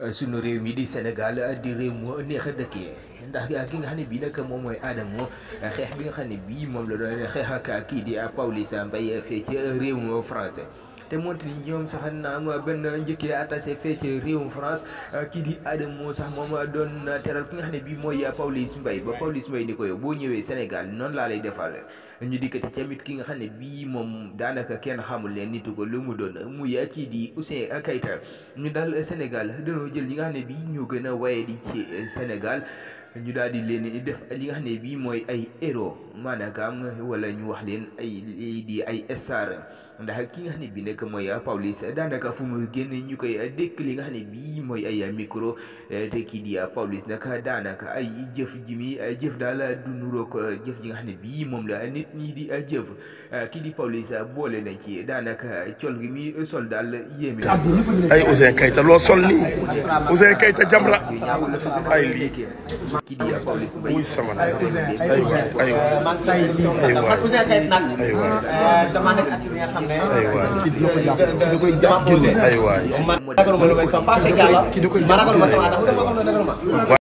Eh, sunu réew mi di Sénégal eh, di réew mu eh, neex a dëkkee ndax nga xam ne bii nag moom mooy Adamo xeex bi nga xam ne bii moom la doon xeex ak kii di Pawlish Mbaye fee ci réew mu français te montre ni ñoom sax naam benn njëkkee attaché fee ci réewum France euh, kii di Adam moo sax moom doon teral ki nga xam ne bii mooy Pawlish mbay ba Pawlish Mbaye ni ko yow boo ñëwee Sénégal noon laa lay defal ñu dikkati mit ki nga xam ne bii moom daanaka kenn xamul leen nitu ko lu mu doon muy kii di Ouzin Keita ñu daal Sénégal dañoo jël ñi nga xam ne bii ñoo gën a waye di ci Sénégal ñu daal di leen def li nga xam ne bii mooy ay héros maanaam wala ñu wax leen ay di ay star ndax ki nga xam ne bii nag mooy Pawlish daanaka fu mu génn ñu koy dékk li nga xam ne bii mooy ay micro te kii di Pawlish nag daanaka ay jëf ji mi jëf daal du nuroog jëf ji nga xam ne bii moom la nit ñi di jëf kii di boole na ci daanaka col gi mi sol daal yéeme. ay Ouzin Keita loo sol nii Ouzin Keita Jamra ay lii. kii di Pawlish Mbaye muy sama nag aywa aywa aywa aywa dama nekk ak nga xam ne aywa da koy jàpp aywa ma ragaluma lu may sama parce que yàlla ma ragaluma sama dama ko ragaluma